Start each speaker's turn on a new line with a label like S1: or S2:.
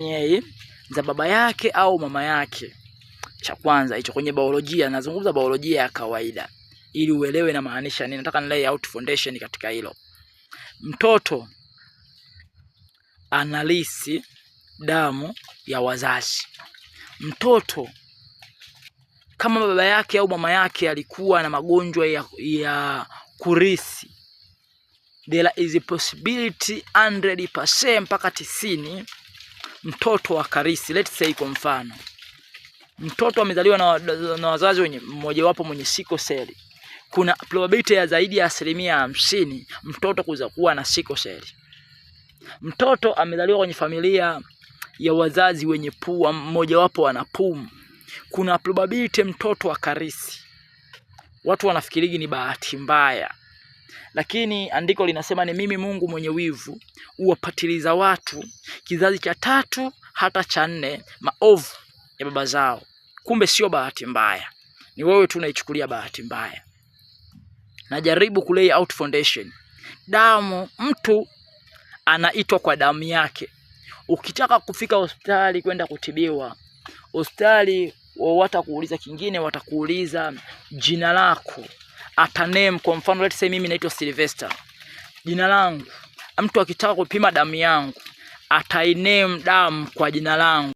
S1: yeye za baba yake au mama yake. Cha kwanza hicho kwenye biolojia, nazungumza biolojia ya kawaida ili uelewe na maanisha nini. Nataka nilay out foundation katika hilo. Mtoto analisi damu ya wazazi. Mtoto kama baba yake au mama yake alikuwa na magonjwa ya, ya kurisi, there is a possibility 100% mpaka tisini mtoto wa Karisi, let's say kwa mfano mtoto amezaliwa na, na wazazi wenye mmojawapo mwenye siko seli, kuna probability ya zaidi ya asilimia hamsini mtoto kuza kuwa na siko seli. Mtoto amezaliwa kwenye familia ya wazazi wenye pua, mmojawapo ana pumu, kuna probability mtoto wa Karisi. Watu wanafikirigi ni bahati mbaya lakini andiko linasema ni mimi Mungu mwenye wivu, huwapatiliza watu kizazi cha tatu hata cha nne maovu ya baba zao. Kumbe sio bahati mbaya, ni wewe tu unaichukulia bahati mbaya. Najaribu kulay out foundation. Damu, mtu anaitwa kwa damu yake. Ukitaka kufika hospitali kwenda kutibiwa, hospitali watakuuliza kingine, watakuuliza jina lako name Kwa mfano let's say mimi naitwa Sylvester, jina langu, mtu akitaka kupima damu yangu atainame damu kwa jina langu.